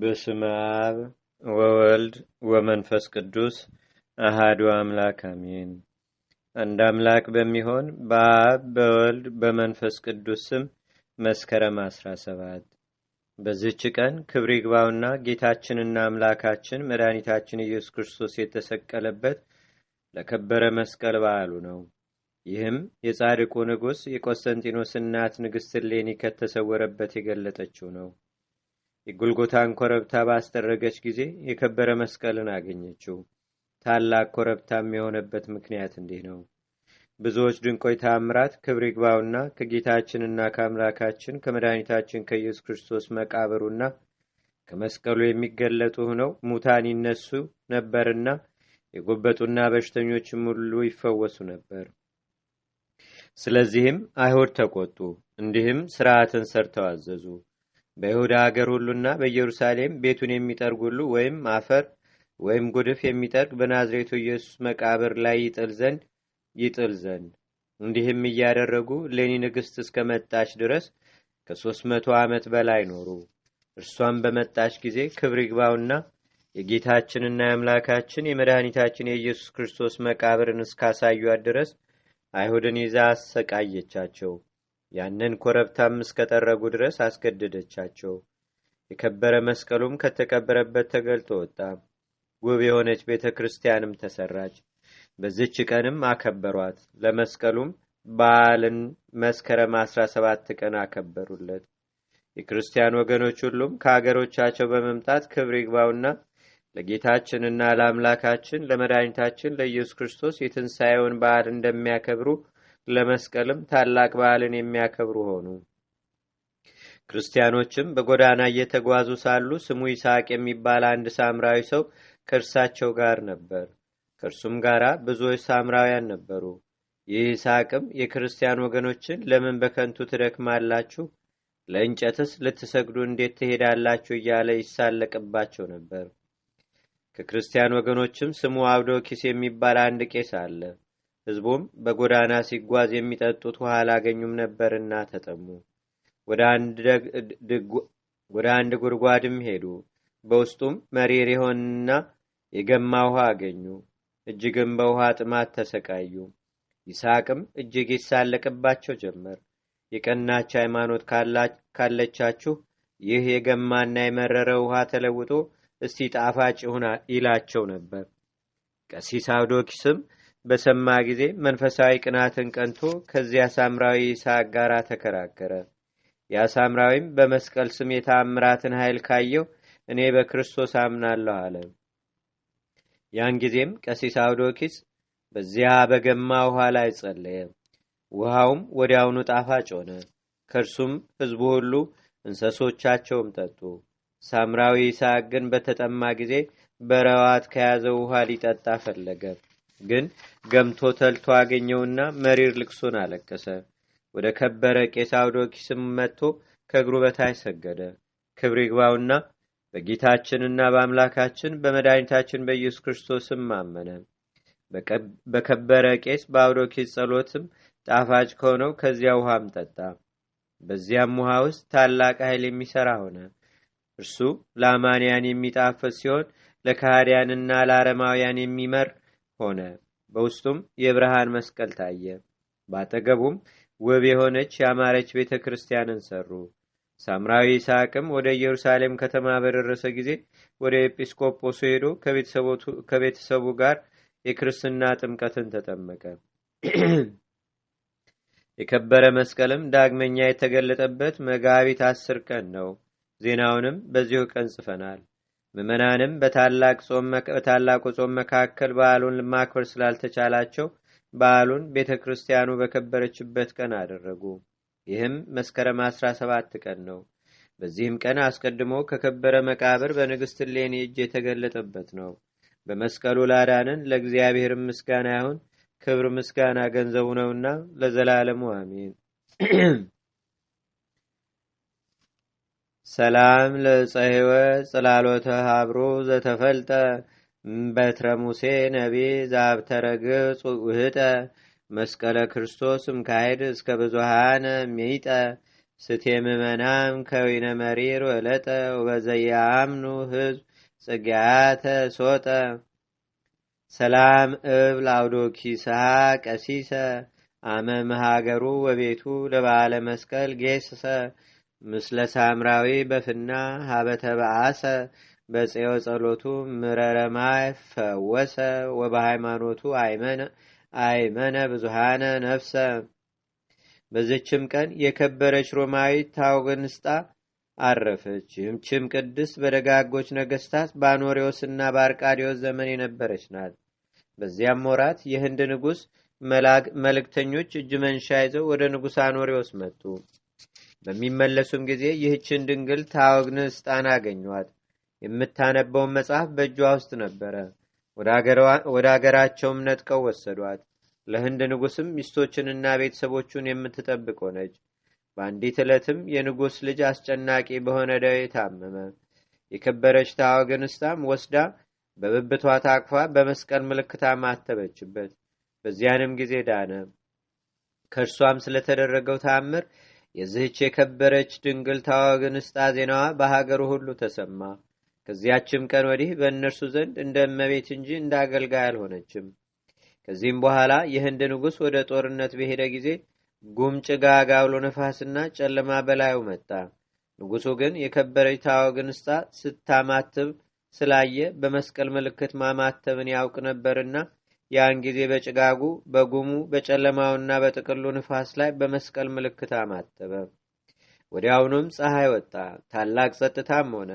በስመ አብ ወወልድ ወመንፈስ ቅዱስ አሃዱ አምላክ አሜን። አንድ አምላክ በሚሆን በአብ በወልድ በመንፈስ ቅዱስ ስም መስከረም ሰባት በዚህች ቀን ክብር ይግባውና ጌታችንና አምላካችን መድኃኒታችን ኢየሱስ ክርስቶስ የተሰቀለበት ለከበረ መስቀል በዓሉ ነው። ይህም የጻድቁ ንጉሥ የቆስተንጢኖስ እናት ንግሥት ሌኒ ከተሰወረበት የገለጠችው ነው። የጎልጎታን ኮረብታ ባስጠረገች ጊዜ የከበረ መስቀልን አገኘችው። ታላቅ ኮረብታም የሆነበት ምክንያት እንዲህ ነው። ብዙዎች ድንቆይ ታምራት ክብር ይግባውና ከጌታችንና ከአምላካችን ከመድኃኒታችን ከኢየሱስ ክርስቶስ መቃብሩና ከመስቀሉ የሚገለጡ ሆነው ሙታን ይነሱ ነበርና የጎበጡና በሽተኞችም ሁሉ ይፈወሱ ነበር። ስለዚህም አይሁድ ተቆጡ፣ እንዲህም ስርዓትን ሰርተው አዘዙ። በይሁዳ አገር ሁሉና በኢየሩሳሌም ቤቱን የሚጠርግ ሁሉ ወይም አፈር ወይም ጉድፍ የሚጠርግ በናዝሬቱ ኢየሱስ መቃብር ላይ ይጥል ዘንድ ይጥል ዘንድ እንዲህም እያደረጉ ሌኒ ንግሥት እስከመጣች ድረስ ከሦስት መቶ ዓመት በላይ ኖሩ። እርሷም በመጣች ጊዜ ክብር ይግባውና የጌታችንና የአምላካችን የመድኃኒታችን የኢየሱስ ክርስቶስ መቃብርን እስካሳዩት ድረስ አይሁድን ይዛ አሰቃየቻቸው። ያንን ኮረብታም እስከጠረጉ ድረስ አስገደደቻቸው። የከበረ መስቀሉም ከተቀበረበት ተገልጦ ወጣ። ውብ የሆነች ቤተ ክርስቲያንም ተሰራች። በዚች ቀንም አከበሯት። ለመስቀሉም በዓልን መስከረም ሰባት ቀን አከበሩለት። የክርስቲያን ወገኖች ሁሉም ከአገሮቻቸው በመምጣት ክብር ይግባውና ለጌታችንና ለአምላካችን ለመድኃኒታችን ለኢየሱስ ክርስቶስ የትንሣኤውን በዓል እንደሚያከብሩ ለመስቀልም ታላቅ በዓልን የሚያከብሩ ሆኑ። ክርስቲያኖችም በጎዳና እየተጓዙ ሳሉ ስሙ ይስሐቅ የሚባል አንድ ሳምራዊ ሰው ከእርሳቸው ጋር ነበር። ከእርሱም ጋር ብዙዎች ሳምራውያን ነበሩ። ይህ ይስሐቅም የክርስቲያን ወገኖችን ለምን በከንቱ ትደክማላችሁ? ለእንጨትስ ልትሰግዱ እንዴት ትሄዳላችሁ? እያለ ይሳለቅባቸው ነበር። ከክርስቲያን ወገኖችም ስሙ አብዶኪስ የሚባል አንድ ቄስ አለ። ሕዝቡም በጎዳና ሲጓዝ የሚጠጡት ውሃ አላገኙም ነበርና ተጠሙ። ወደ አንድ ጉድጓድም ሄዱ። በውስጡም መሪር የሆንና የገማ ውሃ አገኙ። እጅግም በውሃ ጥማት ተሰቃዩ። ይስሐቅም እጅግ ይሳለቅባቸው ጀመር። የቀናች ሃይማኖት ካለቻችሁ ይህ የገማና የመረረ ውሃ ተለውጦ እስቲ ጣፋጭ ይላቸው ነበር። ቀሲስ አብዶኪስም በሰማ ጊዜ መንፈሳዊ ቅናትን ቀንቶ ከዚያ ሳምራዊ ይስሐቅ ጋር ተከራከረ። ያ ሳምራዊም በመስቀል ስም የታምራትን ኃይል ካየው እኔ በክርስቶስ አምናለሁ አለ። ያን ጊዜም ቀሲስ አውዶኪስ በዚያ በገማ ውኃ ላይ ጸለየ። ውሃውም ወዲያውኑ ጣፋጭ ሆነ። ከእርሱም ሕዝቡ ሁሉ እንሰሶቻቸውም ጠጡ። ሳምራዊ ይስሐቅ ግን በተጠማ ጊዜ በረዋት ከያዘው ውኃ ሊጠጣ ፈለገ። ግን ገምቶ ተልቶ አገኘውና መሪር ልቅሶን አለቀሰ። ወደ ከበረ ቄስ አውዶኪስም መጥቶ ከእግሩ በታይ ሰገደ። ክብር ይግባውና በጌታችንና በአምላካችን በመድኃኒታችን በኢየሱስ ክርስቶስም አመነ። በከበረ ቄስ በአውዶኪስ ጸሎትም ጣፋጭ ከሆነው ከዚያ ውሃም ጠጣ። በዚያም ውሃ ውስጥ ታላቅ ኃይል የሚሠራ ሆነ። እርሱ ለአማንያን የሚጣፍጥ ሲሆን ለካህዲያንና ለአረማውያን የሚመር ሆነ። በውስጡም የብርሃን መስቀል ታየ። በአጠገቡም ውብ የሆነች ያማረች ቤተ ክርስቲያንን ሰሩ። ሳምራዊ ይስሐቅም ወደ ኢየሩሳሌም ከተማ በደረሰ ጊዜ ወደ ኤጲስቆጶሱ ሄዶ ከቤተሰቡ ጋር የክርስትና ጥምቀትን ተጠመቀ። የከበረ መስቀልም ዳግመኛ የተገለጠበት መጋቢት አስር ቀን ነው። ዜናውንም በዚሁ ቀን ጽፈናል። ምመናንም በታላቁ ጾም መካከል በዓሉን ማክበር ስላልተቻላቸው በዓሉን ቤተ ክርስቲያኑ በከበረችበት ቀን አደረጉ። ይህም መስከረም 17 ቀን ነው። በዚህም ቀን አስቀድሞ ከከበረ መቃብር በንግሥት ሌኒ እጅ የተገለጠበት ነው። በመስቀሉ ላዳንን ለእግዚአብሔር ምስጋና ይሁን። ክብር ምስጋና ገንዘቡ ነውና ለዘላለሙ አሜን። ሰላም ለዕፀ ሕይወት ጽላሎተ ሀብሮ ዘተፈልጠ በትረ ሙሴ ነቢ ዛብተረግ ውህጠ መስቀለ ክርስቶስ እምካይድ እስከ ብዙሃነ ሚጠ ስቴ ምመናም ከዊነ መሪር ወለጠ ወበዘየአምኑ ህዝብ ጽጌያተ ሶጠ ሰላም እብ ላውዶኪስሃ ቀሲሰ አመ መሃገሩ ወቤቱ ለባለ መስቀል ጌስሰ ምስለ ሳምራዊ በፍና ሀበተ በአሰ በጽዮ ጸሎቱ ምረረማይ ፈወሰ ወበሃይማኖቱ አይመነ ብዙሃነ ነፍሰ በዝችም ቀን የከበረች ሮማዊት ታውግንስጣ አረፈች። ይህችም ቅድስት በደጋጎች ነገስታት በአኖሬዎስና በአርቃዲዎስ ዘመን የነበረች ናት። በዚያም ወራት የህንድ ንጉሥ መልእክተኞች እጅ መንሻ ይዘው ወደ ንጉሥ አኖሪዎስ መጡ። በሚመለሱም ጊዜ ይህችን ድንግል ታወግን ስጣን አገኟት። የምታነበውን መጽሐፍ በእጇ ውስጥ ነበረ። ወደ አገራቸውም ነጥቀው ወሰዷት። ለህንድ ንጉስም ሚስቶችንና ቤተሰቦቹን የምትጠብቅ ሆነች። በአንዲት ዕለትም የንጉሥ ልጅ አስጨናቂ በሆነ ደዌ ታመመ። የከበረች ታወግን ወስዳ በብብቷ ታቅፋ በመስቀል ምልክታ ማተበችበት። በዚያንም ጊዜ ዳነ። ከእርሷም ስለተደረገው ተአምር የዚህች የከበረች ድንግል ታዋግን ስታ ዜናዋ በሀገሩ ሁሉ ተሰማ። ከዚያችም ቀን ወዲህ በእነርሱ ዘንድ እንደ እመቤት እንጂ እንደ አገልጋይ አልሆነችም። ከዚህም በኋላ የህንድ ንጉሥ ወደ ጦርነት በሄደ ጊዜ ጉም፣ ጭጋግ፣ አውሎ ነፋስና ጨለማ በላዩ መጣ። ንጉሡ ግን የከበረች ታዋግ ንስጣ ስታማትብ ስላየ በመስቀል ምልክት ማማተብን ያውቅ ነበርና ያን ጊዜ በጭጋጉ በጉሙ በጨለማውና በጥቅሉ ንፋስ ላይ በመስቀል ምልክት አማተበ። ወዲያውኑም ፀሐይ ወጣ፣ ታላቅ ጸጥታም ሆነ።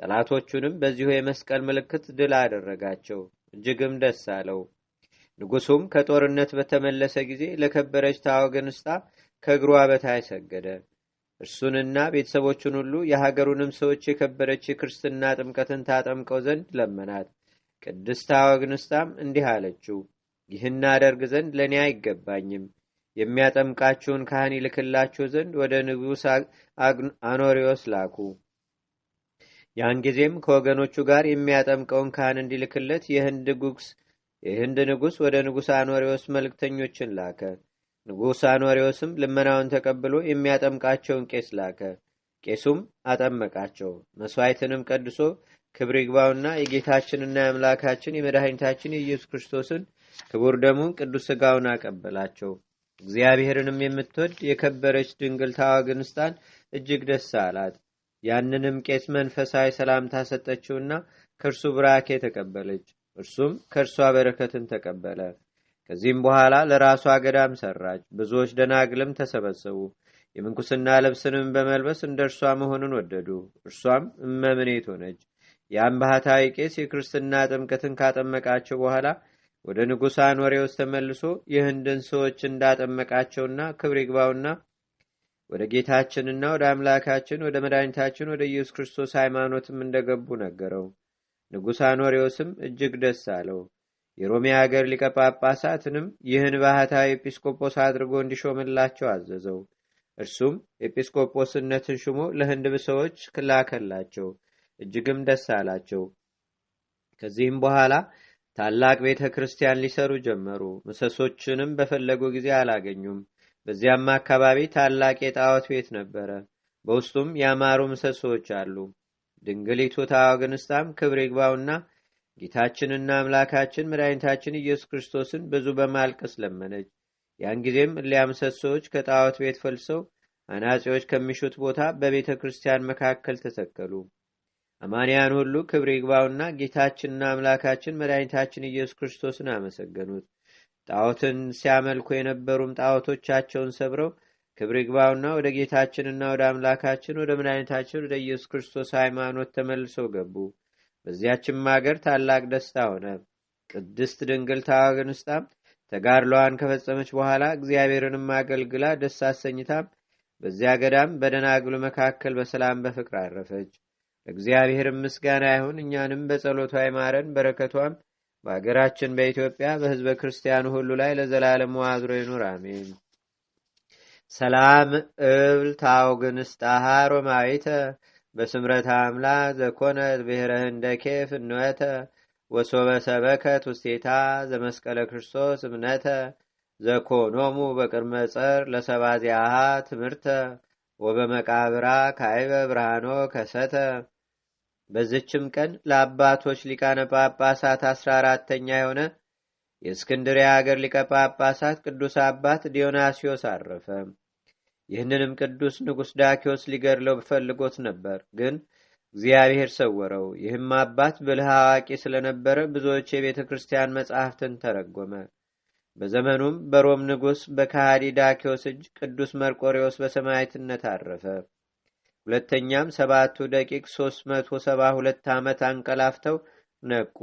ጠላቶቹንም በዚሁ የመስቀል ምልክት ድል አደረጋቸው፣ እጅግም ደስ አለው። ንጉሱም ከጦርነት በተመለሰ ጊዜ ለከበረች ታወገንስታ ከእግሯ በታች ሰገደ። እርሱንና ቤተሰቦቹን ሁሉ የሀገሩንም ሰዎች የከበረች የክርስትና ጥምቀትን ታጠምቀው ዘንድ ለመናት። ቅድስት አወግንስታም እንዲህ አለችው፣ ይህን አደርግ ዘንድ ለእኔ አይገባኝም። የሚያጠምቃችሁን ካህን ይልክላችሁ ዘንድ ወደ ንጉሥ አኖሪዎስ ላኩ። ያን ጊዜም ከወገኖቹ ጋር የሚያጠምቀውን ካህን እንዲልክለት የህንድ ንጉሥ ወደ ንጉሥ አኖሪዎስ መልእክተኞችን ላከ። ንጉሥ አኖሪዎስም ልመናውን ተቀብሎ የሚያጠምቃቸውን ቄስ ላከ። ቄሱም አጠመቃቸው። መሥዋዕትንም ቀድሶ ክብር ይግባውና የጌታችንና የአምላካችን የመድኃኒታችን የኢየሱስ ክርስቶስን ክቡር ደሙን ቅዱስ ሥጋውን አቀበላቸው። እግዚአብሔርንም የምትወድ የከበረች ድንግል ታዋግንስታን እጅግ ደስ አላት። ያንንም ቄስ መንፈሳዊ ሰላምታ ሰጠችውና ከእርሱ ብራኬ ተቀበለች። እርሱም ከእርሷ በረከትን ተቀበለ። ከዚህም በኋላ ለራሷ ገዳም ሰራች። ብዙዎች ደናግልም ተሰበሰቡ። የምንኩስና ልብስንም በመልበስ እንደ እርሷ መሆኑን ወደዱ። እርሷም እመምኔት ሆነች። የአምባህታዊ ቄስ የክርስትና ጥምቀትን ካጠመቃቸው በኋላ ወደ ንጉሳን አንወሬዎስ ተመልሶ የህንድን ሰዎች እንዳጠመቃቸውና ክብር ይግባውና ወደ ጌታችንና ወደ አምላካችን ወደ መድኃኒታችን ወደ ኢየሱስ ክርስቶስ ሃይማኖትም እንደገቡ ነገረው። ንጉሳን አኖሬዎስም እጅግ ደስ አለው። የሮሜ ሀገር ሊቀ ጳጳሳትንም ይህን ባህታዊ ኤጲስቆጶስ አድርጎ እንዲሾምላቸው አዘዘው። እርሱም ኤጲስቆጶስነትን ሹሞ ለህንድብ ሰዎች ክላከላቸው። እጅግም ደስ አላቸው። ከዚህም በኋላ ታላቅ ቤተ ክርስቲያን ሊሰሩ ጀመሩ። ምሰሶችንም በፈለጉ ጊዜ አላገኙም። በዚያም አካባቢ ታላቅ የጣዖት ቤት ነበረ። በውስጡም ያማሩ ምሰሶዎች አሉ። ድንግሊቱ ታዋግንስታም ክብር ይግባውና ጌታችንና አምላካችን መድኃኒታችን ኢየሱስ ክርስቶስን ብዙ በማልቀስ ለመነች። ያን ጊዜም እሊያ ምሰሶዎች ከጣዖት ቤት ፈልሰው አናጺዎች ከሚሹት ቦታ በቤተ ክርስቲያን መካከል ተተከሉ። አማንያን ሁሉ ክብር ይግባውና ጌታችንና አምላካችን መድኃኒታችን ኢየሱስ ክርስቶስን አመሰገኑት። ጣዖትን ሲያመልኩ የነበሩም ጣዖቶቻቸውን ሰብረው ክብር ይግባውና ወደ ጌታችንና ወደ አምላካችን ወደ መድኃኒታችን ወደ ኢየሱስ ክርስቶስ ሃይማኖት ተመልሰው ገቡ። በዚያችም አገር ታላቅ ደስታ ሆነ። ቅድስት ድንግል ታዋግንስጣም ተጋድሏዋን ከፈጸመች በኋላ እግዚአብሔርንም አገልግላ ደስ አሰኝታም በዚያ ገዳም በደናግሉ መካከል በሰላም በፍቅር አረፈች። ለእግዚአብሔርም ምስጋና ይሁን። እኛንም በጸሎቷ ይማረን፣ በረከቷም በአገራችን በኢትዮጵያ በህዝበ ክርስቲያኑ ሁሉ ላይ ለዘላለም አድሮ ይኑር፣ አሜን። ሰላም እብል ታውግንስጣሃ ሮማዊተ በስምረት አምላ ዘኮነት ብሔረ ህንደኬ ፍንወተ ወሶበ ሰበከት ውስቴታ ዘመስቀለ ክርስቶስ እምነተ ዘኮኖሙ በቅድመ ጸር ለሰባዚያሃ ትምህርተ ወበመቃብራ ካይበ ብርሃኖ ከሰተ በዝችም ቀን ለአባቶች ሊቃነ ጳጳሳት አስራ አራተኛ የሆነ የእስክንድርያ አገር ሊቀ ጳጳሳት ቅዱስ አባት ዲዮናስዮስ አረፈ። ይህንንም ቅዱስ ንጉሥ ዳኪዎስ ሊገድለው ፈልጎት ነበር፣ ግን እግዚአብሔር ሰወረው። ይህም አባት ብልህ አዋቂ ስለነበረ ብዙዎች የቤተ ክርስቲያን መጻሕፍትን ተረጎመ። በዘመኑም በሮም ንጉሥ በካሃዲ ዳኪዎስ እጅ ቅዱስ መርቆሪዎስ በሰማይትነት አረፈ። ሁለተኛም ሰባቱ ደቂቅ ሶስት መቶ ሰባ ሁለት ዓመት አንቀላፍተው ነቁ።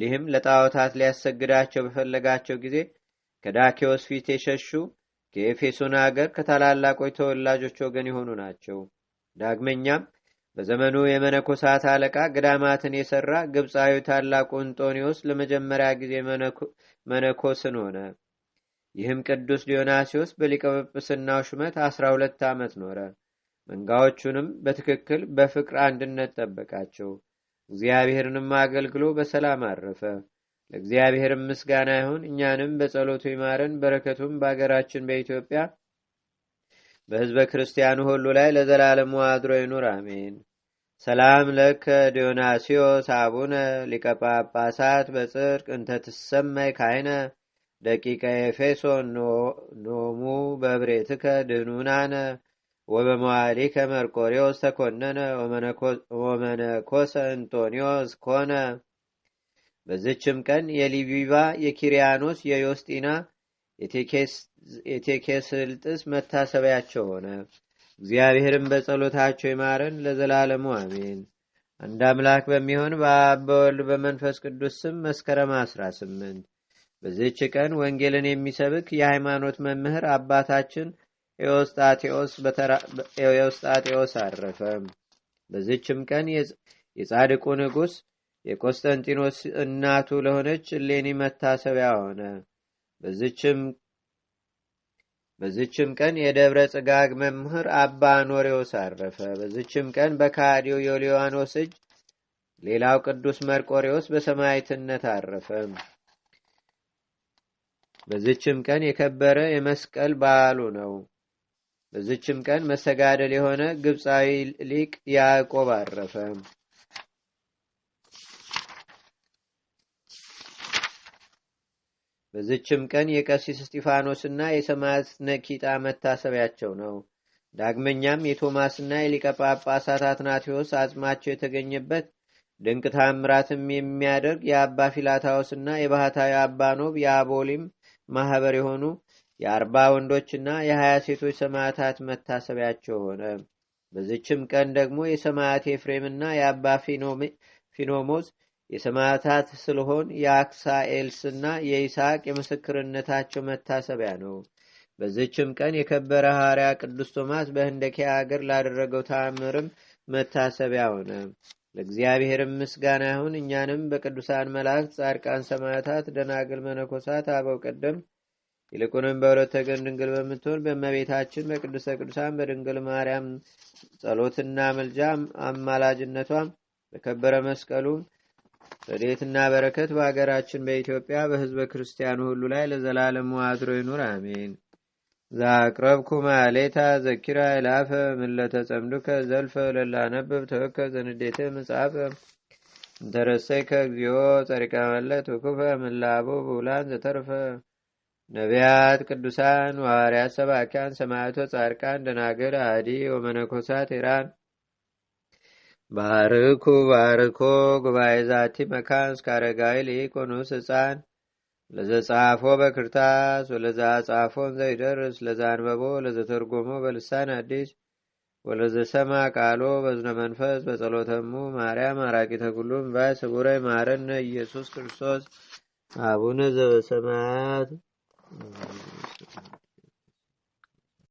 ሊህም ለጣዖታት ሊያሰግዳቸው በፈለጋቸው ጊዜ ከዳኪዎስ ፊት የሸሹ ከኤፌሶን አገር ከታላላቆች ተወላጆች ወገን የሆኑ ናቸው። ዳግመኛም በዘመኑ የመነኮሳት አለቃ ገዳማትን የሠራ ግብፃዊ ታላቁ እንጦኒዎስ ለመጀመሪያ ጊዜ መነኮስን ሆነ። ይህም ቅዱስ ዲዮናሲዎስ በሊቀ ጵጵስናው ሹመት አስራ ሁለት ዓመት ኖረ። መንጋዎቹንም በትክክል በፍቅር አንድነት ጠበቃቸው። እግዚአብሔርንም አገልግሎ በሰላም አረፈ። ለእግዚአብሔር ምስጋና ይሁን። እኛንም በጸሎቱ ይማረን። በረከቱም በአገራችን በኢትዮጵያ በህዝበ ክርስቲያኑ ሁሉ ላይ ለዘላለሙ አድሮ ይኑር። አሜን። ሰላም ለከ ዲዮናስዮስ አቡነ ሊቀ ጳጳሳት በጽድቅ እንተትሰማይ ካይነ ደቂቀ ኤፌሶን ኖሙ በብሬትከ ድህኑናነ ወበመዋሊከ መርቆሪዎስ ተኮነነ ወመነኮሰ አንቶኒዎስ ኮነ። በዝችም ቀን የሊቢባ የኪሪያኖስ የዮስጢና የቴኬስልጥስ መታሰቢያቸው ሆነ። እግዚአብሔርም በጸሎታቸው ይማረን ለዘላለሙ አሜን። አንድ አምላክ በሚሆን በአበወልድ በመንፈስ ቅዱስ ስም መስከረም አስራ ስምንት በዚህች ቀን ወንጌልን የሚሰብክ የሃይማኖት መምህር አባታችን ኤዎስጣቴዎስ አረፈ። በዚችም ቀን የጻድቁ ንጉሥ የቆስጠንጢኖስ እናቱ ለሆነች እሌኒ መታሰቢያ ሆነ። በዚችም ቀን የደብረ ጽጋግ መምህር አባ ኖሬዎስ አረፈ። በዚችም ቀን በካዲው የሊዋኖስ እጅ ሌላው ቅዱስ መርቆሬዎስ በሰማይትነት አረፈ። በዚችም ቀን የከበረ የመስቀል በዓሉ ነው። በዝችም ቀን መሰጋደል የሆነ ግብፃዊ ሊቅ ያዕቆብ አረፈ። በዝችም ቀን የቀሲስ እስጢፋኖስና የሰማዕት ነኪጣ መታሰቢያቸው ነው። ዳግመኛም የቶማስና የሊቀ ጳጳሳት አትናቴዎስ አጽማቸው የተገኘበት ድንቅ ታምራትም የሚያደርግ የአባ ፊላታዎስና የባህታዊ አባ ኖብ የአቦሊም ማህበር የሆኑ የአርባ ወንዶችና የሀያ ሴቶች ሰማዕታት መታሰቢያቸው ሆነ። በዝችም ቀን ደግሞ የሰማዕት ኤፍሬምና የአባ ፊኖሞስ የሰማዕታት ስልሆን የአክሳኤልስና የይስሐቅ የምስክርነታቸው መታሰቢያ ነው። በዝችም ቀን የከበረ ሐዋርያ ቅዱስ ቶማስ በህንደኪያ አገር ላደረገው ተአምርም መታሰቢያ ሆነ። ለእግዚአብሔርም ምስጋና ይሁን። እኛንም በቅዱሳን መላእክት፣ ጻድቃን፣ ሰማዕታት፣ ደናግል፣ መነኮሳት፣ አበው ቀደምት ይልቁንም በሁለተ ወገን ድንግል በምትሆን በመቤታችን በቅዱሰ ቅዱሳን በድንግል ማርያም ጸሎትና ምልጃ አማላጅነቷም በከበረ መስቀሉ ረድኤትና በረከት በሀገራችን በኢትዮጵያ በህዝበ ክርስቲያኑ ሁሉ ላይ ለዘላለም ዋድሮ ይኑር፣ አሜን። ዛቅረብኩ ማሌታ ዘኪራ ይላፈ ምለተ ጸምዱከ ዘልፈ ለላ ነብብ ተወከ ዘንዴተ መጽሐፈ እንተረሰይከ እግዚኦ ጸሪቀ መለት ውኩፈ ምላቡ ብውላን ዘተርፈ ነቢያት፣ ቅዱሳን፣ ሐዋርያት፣ ሰባኪያን፣ ሰማያቶ፣ ጻድቃን፣ ደናግል፣ አዲ ወመነኮሳት ኢራን ባርኩ ባርኮ ጉባኤ ዛቲ መካን እስከ አረጋዊ ሊቆኖስ ህፃን ለዘጻፎ በክርታስ ወለዛ ጻፎን ዘይደርስ ለዛ አንበቦ ለዘተርጎሞ በልሳን አዲስ ወለዘሰማ ቃሎ በዝነ መንፈስ በጸሎተሙ ማርያም አራቂተ ኩሉም ባይ ስቡረ ማረነ ኢየሱስ ክርስቶስ አቡነ ዘበሰማያት Mm-hmm.